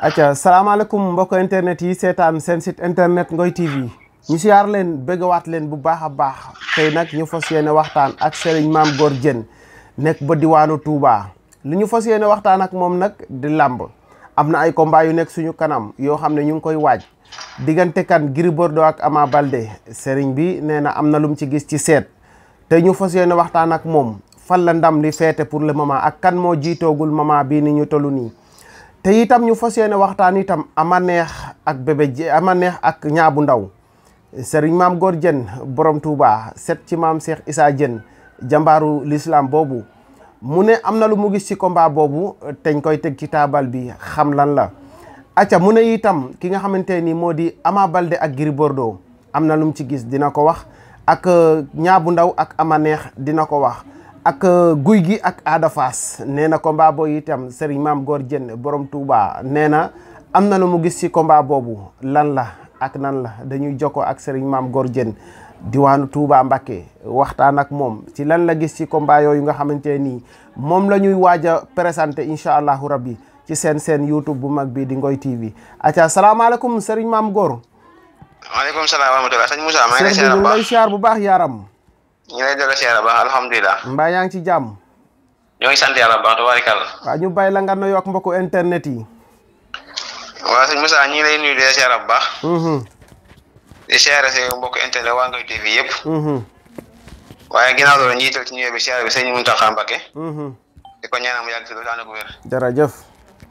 acca salaamaaleykum mbokk internet yi seetaan seen site internet Ngoy TV ñu siyaar leen bëggawaat leen bu baax a baax tey nag ñu fas yéene waxtaan ak Serigne Mame Gor Diène nekk ba diwaanu Touba li ñu fas yéene waxtaan ak moom nag di làmb am na ay combat yu nekk suñu kanam yoo xam ne ñu ngi koy waaj diggante kan Gris Bordeaux ak Ama balde Serigne bi nee na am na lu mu ci gis ci seet te ñu fas yéene waxtaan ak moom fan la ndam li seete pour le moment ak kan moo jiitoogul moment bii ni ñu toll nii. te itam ñu fas yéene waxtaan itam ama neex ak bébé ama neex ak ñaabu ndaw sëriñ maam Góor Jën borom Touba set ci maam seex Issa Jën jàmbaaru l'islam boobu mu ne am na lu mu gis ci combat boobu teñ koy teg ci taabal bi xam lan la acca mu ne itam ki nga xamante ni moo di Ama Balde ak Gris Bordeaux am na lu mu ci gis dina ko wax ak ñaabu ndaw ak ama neex dina ko wax ak euh, guy gi ak Ada Fass nee na combat boobu itam Serigne Maam Góor Jën borom Touba nee na am na lu mu gis ci combat boobu lan la ak nan la dañuy jokkoo ak sëriñ Maam Góor Jën diwaanu Touba Mbacké waxtaan ak moom ci lan la gis ci combat yooyu nga xamante nii moom la ñuy waaj a présenté incha allahu rabbi ci seen seen YouTube bu mag bi di Ngoy TV aca salaamaaleykum Serigne Maam Góor. waaleykum salaam wa rahmatulah sëñ Moussa. maa ngi lay siyaar bu baax bu ñu lay delloo siyaara alhamdulillah. alhamdulilah. mbaa ci jàmm. ñoo ngi sant yàlla baax tabarikàlla. waaw ñu bàyyi la nga nuyoo ak mbokku internet yi. waaw sëñ Moussa ñi si mbokku internet waa TV yëpp. waaye ginnaaw loolu ñu ci nuyoo bi siyaara bi sëñ Mountakha Mbacké. di ko ñaanal yàgg si lu daan ak wér. jërëjëf.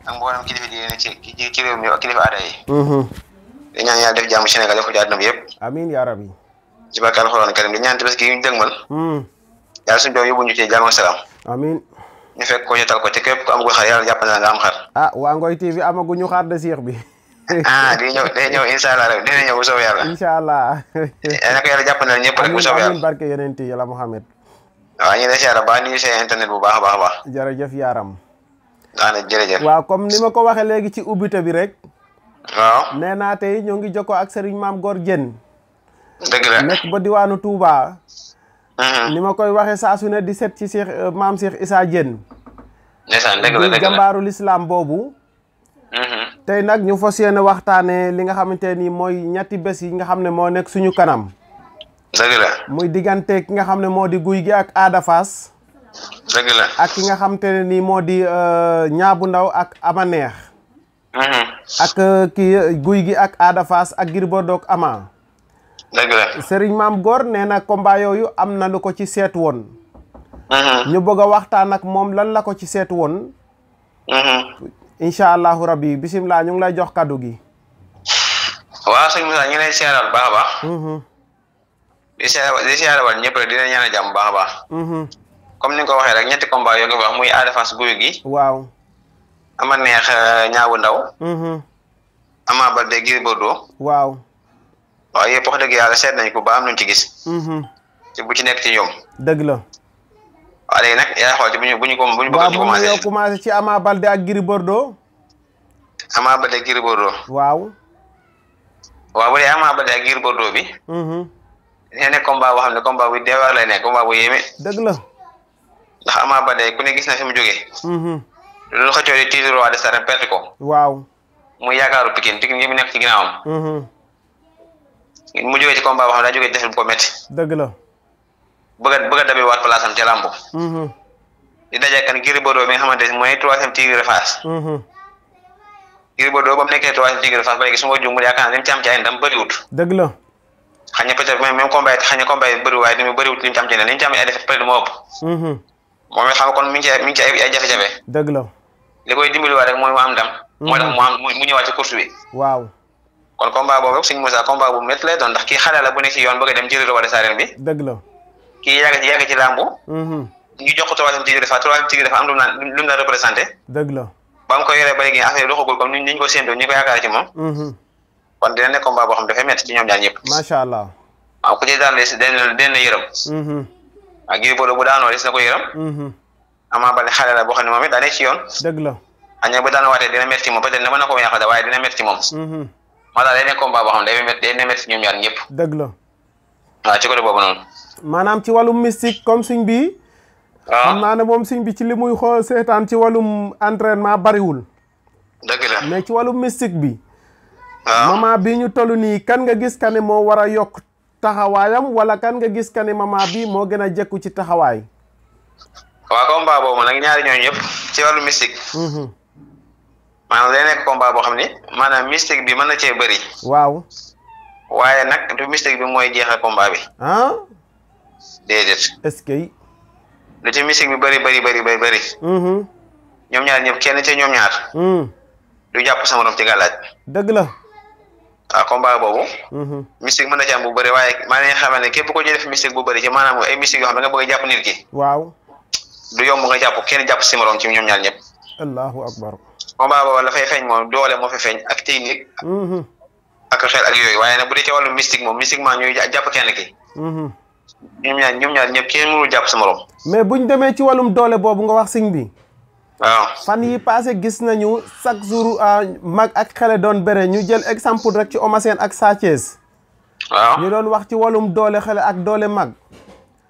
ak mboolem kilifa di yéen ci ci réew mi ak aada yi. di ñaan yàlla def jàmm Sénégal ci rabbi ci barke alxuraan karim di ñaan tabaski gi ñu dëgmal yàlla suñu doom yóbbu ñu ci jàmm ak amin ñu fekk ko ñu tal ko ci ko ku amagul xar yàlla jàpp na nga am xar ah waa ngoy tv amaguñu xar de siix bi ah di ñëw de ñëw insha allah rek dina ñëw bu soob yàlla insha allah yàlla ko yàlla jàpp na ñëpp rek bu soob yàlla amin barke yonent ya, yàlla ya, Muhammad wa ah, ñu lay siyaara ba nuyu seen internet bu baax a baax a baax yaram dana ah, jere jërëjëf wa comme ni ma ko waxee léegi ci ubbite bi rek waaw ah. nee naa tey ñoo ngi jokkoo ak sëriñ maam Gor Diène nekk ba diwaanu Touba. Mm-hmm. ni ma koy waxee saa su ne di set ci Cheikh euh, maam Cheikh Issa Diène. ndeysaan dëgg jàmbaaru lislaam boobu. Mm-hmm. tey nag ñu fas yéene waxtaanee li nga xamante ni mooy ñetti bés yi nga xam ne moo nekk suñu kanam. muy diggante ki nga xam ne moo di guy gi ak Ada ak ki nga xam te ne nii moo di ñaabu euh, ndaw ak ama neex. Mm-hmm. ak euh, ki guy gi ak Ada ak Gris Bordeaux ak ama. dëgg la Serigne Maam Góor nee na combat yooyu am na lu ko ci seet woon. Mhm. ñu bëgg a waxtaan ak moom lan la ko ci seet woon. Mhm. incha allahu rabbi bisimilah ñu ngi lay jox kaddu gi. waa sëñ Moussa ñu ngi lay seeral baax baax. Mhm. di seeral di seeralal ñëpp rek dina ñaan jàmm baax a baax. comme ni ko waxee rek ñetti combat yoo ngi wax muy Ada Fass Gouye Gui. waaw. ama neex ñaawu euh, ndaw. Ama Baldé Gris Bordeaux. waaw. waaw yëpp wax dëgg yàlla seet nañ ko ba am ci gis. Mhm. ci bu ci nekk ci ñoom. dëgg la. waaw léegi nag yaay xool ko bu ñu bëgg commencé waaw commencé ci Ama Balde ak Gris Bordeaux. Ama Balde ak waaw. waaw bu dee Ama ak Gris Bordeaux bi. nee mhm. na combat boo ne combat bu deewaar lay nekk combat bu yéeme. dëgg la. ndax Ama de ku ne gis na fi mu jógee. loolu mhm. xëccoo di titre roi des arènes nekk ci ginnaawam. mu jógee ci combat wax na daa def ko metti deug la bëgg bëgg dabé wat waat place am ci hmm di dajé kan giri bodo mi nga xamante moy 3e tigre de hmm giri bodo bam mu 3e tigre de Fass ba léegi su ma jumul yaakaar naa li ci am ci ay ndam bari wut deug la xañ na peut-être même combat yi combat bari way waaye bari wut lim ci am ci ne ci am ay defet peut-être moo ëpp mm-hmm. moom it xam kon mi ci mi ci ay jafé jafé deug la likoy dimbali wa rek moy mo am ndam moo tax mm-hmm. am mu ñëwa ci course bi waaw kon combat boobu rek suñu Moussa combat bu métti lay doon ndax kii xale la bu ne si yoon bëgg a dem jëli roi des arènes bi. Mhm. ko troisième mu naan lu mu dëgg la ba ba léegi affaire yi doxagul ci moom. Mhm. boo xam dafay métti ci ñoom ñaar ñëpp. macha allah. waaw ci mhm. bu daanoo des na ko yërëm. boo xam ne moom it daa nekk ci yoon. dëgg la. añee bu daan moom mana day combat bo xam ne day métti day métti si ñaar ñëpp. dëgg la. wa ci ko do bobu non manam ci walum mystique comme suñ bi xamna ah. xam mom suñ bi ci limuy xol xool ci walum entraînement bari wul dëgg la mais ci walum mystique bi. Ah. mama bi ñu tollu ni kan nga gis kané mo wara yok taxawayam wala kan nga gis kané mama bi mo gëna gën jekku ci taxaway wa combat bobu nak ñaari ñoy yëpp ci walum mystique. hmm maanaam day nekk combat boo xam ne maanaam mystique bi mën na cee bëri. waaw. waaye nag du mystique bi mooy jeexal combat bi. ah. déedéet. est-ce que. lu ci mystique bi bëri bëri bëri bëri bëri. Mm-hmm. ñoom ñaar ñëpp kenn ñoom ñaar. Mm. du jàpp sama ci gàllaaj. dëgg la. waaw ah, combat boobu. Mm-hmm. mystique mën na ci am bu bëri waaye maa ngi xamal ne képp ko ci def bu bëri ci maanaam ay yoo xam nga bëgg a jàpp nit ki. waaw. du yomb nga jàpp kenn jàpp si morom ci ñoom ñaar ñëpp. allahu akbar combat boobu la fay feeñ moom doole moo fa feeñ ak technique mm-hmm. ak xel ak yooyu waaye nag bu dee ci wàllu mystique moom mystiquement ñuy jàpp kenn ki mm-hmm. ñoom ñaar ñoom ñaar ñëpp kenn jàpp sa morom mais buñ demee ci wàllum doole boobu nga wax sëñ bi waaw fan yi passé gis nañu chaque jour ah, mag ak xale doon bere ñu jël exemple rek ci Eumeu ak Sa Thiès waaw ñu doon wax ci wàllum doole xale ak doole mag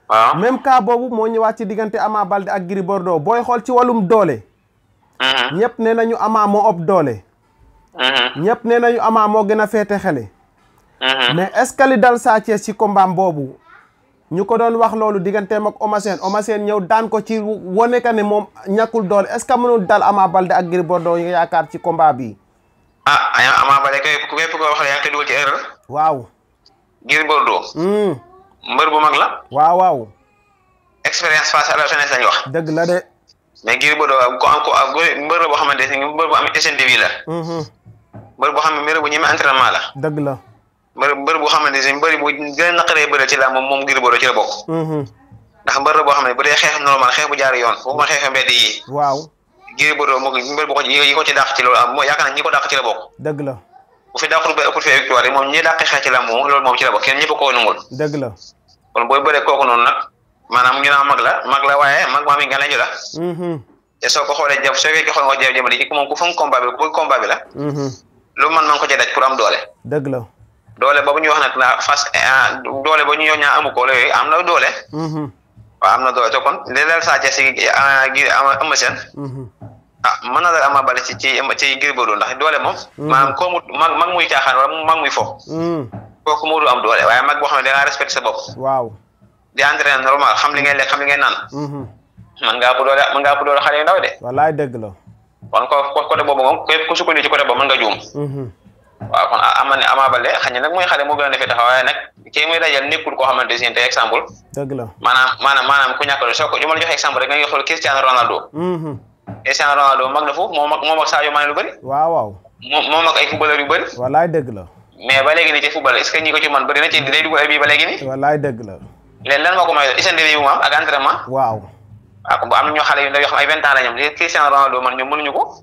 waaw même cas boobu moo ñëwaat ci diggante amaa Baldé ak Gris booy xool ci wàllum doole ñëpp nena nañu amaa moo ëpp doole ñëpp ne nañu amaa moo gën a féete mais est ce que li dal Sa ci ci combat bobu ñu ko doon wax lolu digganteem mak Omar Sène Omar Sène ñew daan ko ci wone kané mom ñakul dool est ce que mënul dal Ama de ak Gris bordo yi yaakar ci combat bi ah ayam Ama Baldé kay ku képp ko wax la yaakar ngi koy ci erreur waaw bordo hmm mbeur bu mag la waaw waaw expérience face à la jeunesse lañ wax deug la de mais Gris Bordeaux ko ko mbër boo xamante ne mbër bu am hygiène de vie la. Mhm. mbër boo xam ne mbër bu ñeme entraînement la. dëgg la mbër mbër boo xamante ne a ci la bokk. Mhm. ndax mbër la boo xam ne bu dee xeex normal xeex bu jaar yoon foofu ma xeex mbedd yi. waaw Gris Bordeaux moom mbër boo ko yi ko ci dàq ci loolu am moo yaakaar naa ñi ko ci la bokk. dëgg la bu fi dàqul ba maanaam ñu naan mag la mag la waaye mag maa mi nga la. Mm-hmm. soo ko xoolee jaf soo ko xoolee jaf jëmale ci moom mm-hmm. man man ko cee daj pour am doole. dëgg la doole boobu ñu wax nag la face ah, doole ba ñu yoon ñaa amu ko am na doole. Mm-hmm. waaw na doole te kon li leen saa si ah, gi am seen. ah mën na la ama bale ci ci ci Gris Bordeaux ndax doole moom. maanaam koo mag mag muy caaxaan wala mag muy fo. kooku mu du am doole waaye mag boo xam ne da ngaa respecté sa bopp. waaw. di entraîner normal xam li ngay lek xam li ngay naan mhm. man nga bu doole man nga bu doole xale ndaw de wallahi deug la kon ko ko côté bobu moom képp ku sukkandi ci côté boobu man nga juum mhm. wa kon ama ne ama balde xañ nag mooy xale moo gën a defee taxaw waaye nag dajal nekkul ko xamante ci tey exemple deug la manam manam manam ku ñakkal soo ko la joxe exemple rek nga xol Cristiano Ronaldo mhm. Cristiano Ronaldo mag na foofu moo mag moo mag Sadio Mané lu bari wa wa moo mag ay footballeur yu bari wallahi deug la mais ba légui ni ci football est ce que ñi ko ci man bari na ci day dugg ay bi ba légui ni wallahi deug la léegi lan moo ko may doon hygiène de vie ak entraînement. waaw waaw ko.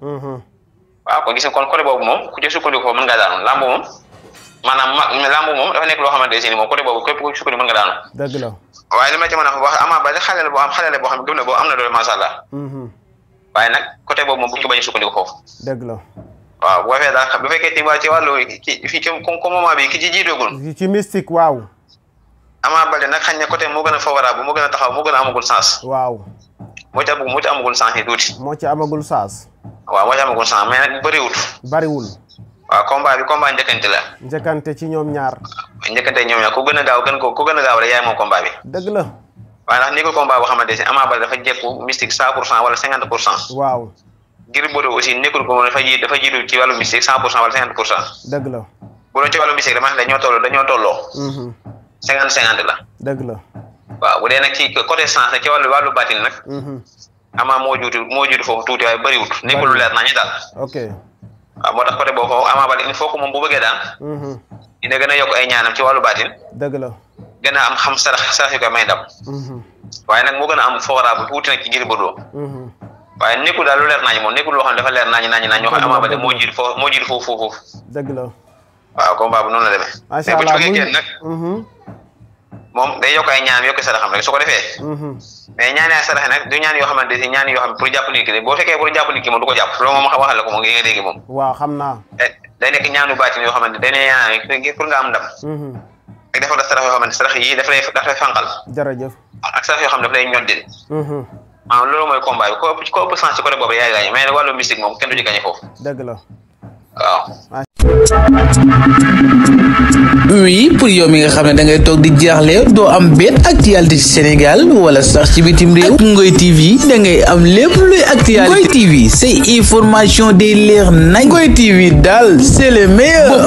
Mm-hmm. boobu loo xamante ne moom côté boobu képp ku sukkandiku mën nga daanu. dëgg la a wax am na doole macha allah. Mm-hmm. waaye nag côté boobu moom bu ñu ci a sukkandiku foofu. dëgg waaw bu fekkee daal bu fekkee ci wàllu ki ci ci mystique waaw Ama balé nak xagné côté mo gëna a favorable mo gëna taxaw mo gëna amagul sens. waaw. mo ci amagul mo ci amagul sens yi tuuti. moo ci amagul sens. waaw mo ci amagul sens mais wul bari wul wa combat bi combat ndekante la. ndekante ci ñom ñaar. ndekante ñom ñaar ku gëna gaaw gën ko ku gëna a gaaw rek yaay mo combat bi. deug la. wa nak ni ko combat bo xamanté ci Ama Baldé dafa jekku mystique 100% wala 50% waaw. ngir bodo aussi nekul ko dafa ji dafa jiitu ci walu mystique 100% wala 50% deug la. bu doon ci walu mystique dama xam ne dañoo tolloo dañoo mhm. cinquante cinquante la. dëgg la. waaw bu dee nag ci côté sens ci wàllu wàllu baatin nag. Mhm. amaa moo juuti moo juuti foofu tuuti waaye bëriwut nekkul lu leer naa ñu daal. ok waaw moo tax côté boo ko amaa bal moom bu bëggee daal. Mhm. dina gën a yokk ay ñaanam ci wàllu baatin. dëgg la gën a am xam sarax sarax yu koy may ndam. Mhm. waaye nag moo gën a am favorable tuuti nag ci ngir bëddoo. waaye nekkul daal leer naa moom nekkul loo dafa leer naa ñu naa ñu naa moo juuti moo juuti foofu foofu. la. waaw combat bu noonu la demee. moom day yokk ay ñaan yokk saraxam rek su ko defee mm-hmm. mais ñaani sarax nag du ñaan yoo xamante ni ñaan yoo xam pour jàpp nit ki boo fekkee pour jàpp nit du ko jàpp loolu moom waxal la ko moom nga dégg xam naa eh, day nekk mm-hmm. la sarax yoo xamante sarax yi daf lay daf lay yoo xam ne lay ñoddil mm-hmm. maanaam loolu mooy combat bi ko ko ëpp sens ci côté boobu yaay gaañ mais wàllu mystique moom kenn du ci gaañ foofu waaw. oui pour yow mi nga xam ne dangay toog di jaaxle doo am benn actualité ci Sénégal wala sax ci bitim réew. ak Ngoy TV da am lépp luy actualité. Ngoy TV say information day leer nañ. Ngoy TV daal c'est le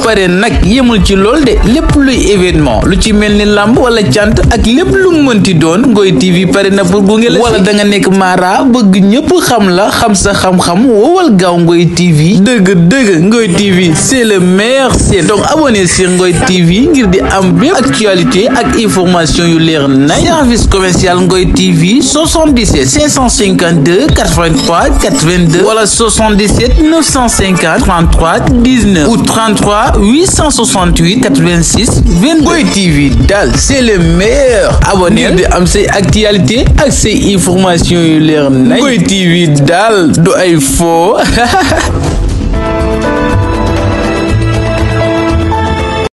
paree nag yemul ci lool de lépp luy événement lu ci mel ni làmb wala cant ak lépp lu mu mënti doon Ngoy TV pare na pour gunge la. wala da nekk mara bëgg ñëpp xam la xam sa xam-xam wowal gaaw Ngoy TV dëgg dëgg. TV c'est le meilleur Donc, donc abonnez-vous sur Ngoy TV ngir di am bépp actualité ak information yu leer nay service commercial Ngoy TV 77 552 83 82 Voilà 77 950 33 19 ou 33 868 86 22 Ngoy TV Dal, c'est le meilleur Abonnez-vous di am say actualité ak say information yu leer nay Ngoy TV dal Ha ay